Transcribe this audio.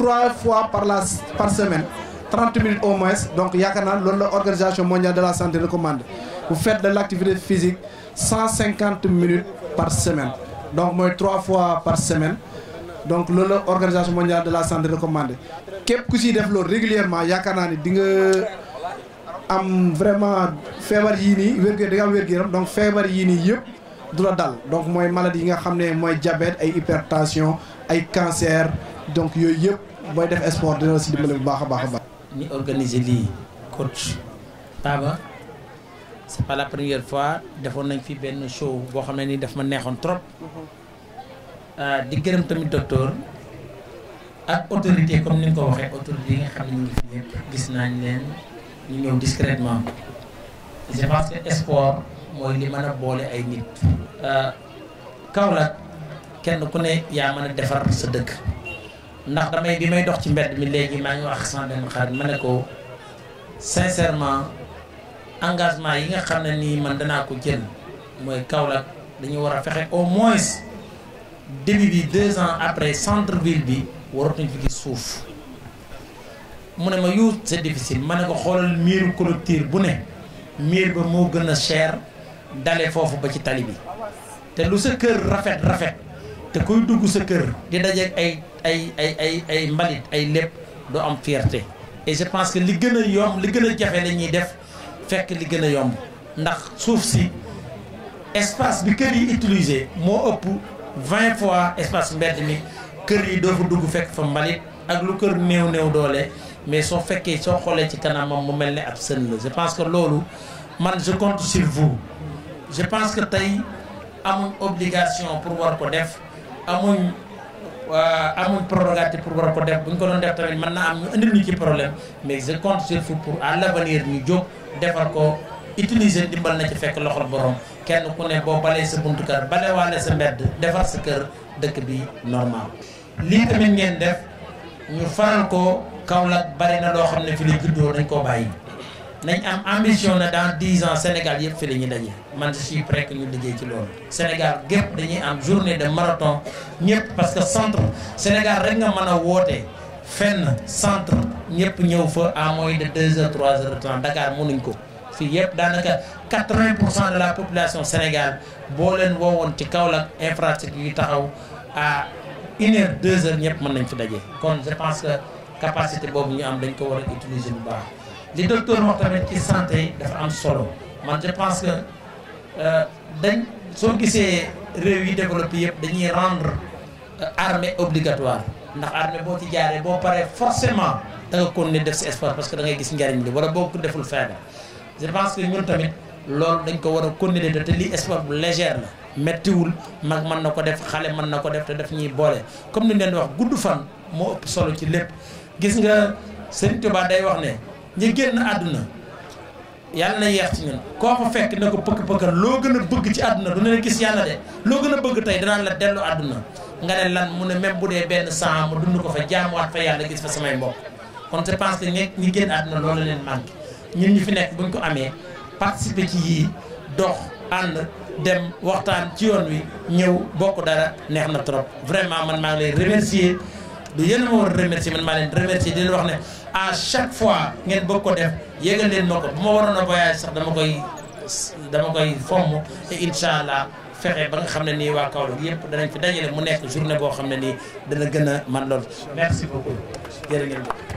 trois fois par la par semaine 30 minutes au moins donc y l'organisation mondiale de la santé recommande vous faites de l'activité physique 150 minutes par semaine donc moi trois fois par semaine donc l'organisation mondiale de la santé recommande quest ku que def régulièrement il y a vraiment fièvre am donc fièvre donc moy maladie yi nga diabète ay hypertension ay cancer donc y booy def sport dina la si dimbale bu baax a baax a baax. ñu organiser lii coach Taba c'est pas la première fois defoon nañ fi benn show boo xam ne nii daf ma neexoon trop euh, di gërëm tamit docteur ak autorité comme ni nga ko waxee autorité yi nga xam ne ñu ngi fi yëpp gis nañ leen ñu ñëw discrètement je pense que sport mooy li mën a boole ay nit. Euh, Kaolack kenn ku ne yaa mën a defar sa dëkk. ndax damay bi may dox ci mbedd mi léegi maa ngi wax sans benn xarit ma ne ko sincèrement engagement yi nga xam ne nii man danaa ko jël mooy Kaolack dañu war a fexe au moins début bi deux ans après centre ville bi waratuñ fi gis suuf mu ne ma yu c'est difficile ma ne ko xoolal miiru clôture bu ne miir ba moo gën a cher dale foofu ba ci tali bi te lu sa kër rafet rafet te kuy dugg sa kër di dajeeg ay ay ay ay ay mbalit ay lépp doo am fierté et je pense que li gën a yomb li gën a jafe la ñuy def fekk li gën a yomb ndax suuf si espace bi kër yi utilisé moo ëpp 20 fois espace mbedd mi kër yi doo fa dugg fekk fa mbalit ak lu kër néew néew doole mais soo fekkee soo xoolee ci kanamam mu mel ne ab sën la je pense que loolu man je compte sur vous je pense que tey amuñ obligation pour war ko def amuñ Euh, amul prérogative pour war ko def bu ñu ko doon def tamit mën naa am ñu indil ñu ci problème mais je compte sur vous pour à l' avenir ñu jóg defar ko utiliser dimbal na ci fekk loxol borom kenn ku ne boo balee sa buntu kër balewaale sa mbedd defar sa kër dëkk bi normal. lii tamit ngeen def ñu faral ko Kaolack bari na loo xam ne fi la juddoo dañ koo bàyyi. ambition dans 10 ans, Sénégal y fait les gagner. Je suis prêt à nous dégager l'or. Sénégal, il y a journée de marathon. Parce que le centre, Sénégal, il y a un fin centre. Il y a à moyen de 2h, 3h de Dakar, il y a il y 80% de la population sénégal bolen wowon ci kaolak infrastructure yi taxaw à 1h 2h ñep mën nañ fi dajé kon je pense que capacité bobu ñu am dañ ko wara utiliser bu baax li docteur wax tamit ci santé dafa am solo man je pense que euh, dañ soo gisee réew yi développé yëpp dañuy rendre euh, armée obligatoire ndax armée boo ci jaaree boo paree forcément da nga continuer def si espoir parce que da ngay gis njariñ li wala boo ko deful feebar je pense que ñun tamit loolu dañ ko war a continuer de te lii espoir légère la mettiwul mag mën na ko def xale mën na ko def te daf ñuy boole comme ni leen wax gudd fan moo ëpp solo ci lépp gis nga Sëriñ Tuubaa day wax ne ñi génn àdduna yàlla na yeex ci ñun koo ko fekk na ko pëkk pëkkal loo gën a bëgg ci àdduna du ne gis yàlla de loo gën a bëgg tey danaan la dellu àdduna nga ne lan mu ne même bu dee benn sang ma dund ko fa jaamuwaat fa yàlla gis fa samay mbokk kon je pense que ñi ñi génn àdduna loolu leen manqué ñun ñu fi nekk buñ ko amee participer ci yii dox ànd dem waxtaan ci yoon wi ñëw bokk dara neex na trop vraiment man maa ngi lay remercier du yéen a ma war a remercier remercier wax ne à chaque fois ngeen bëgg def yégal len ma buma bu voyage sax dama koy dama koy fomm et inshallah allah ba nga xamné ni wa waa yépp yëpp fi dajale mu nekk journée bo xamné ni dana gëna man lool merci beaucoup jërë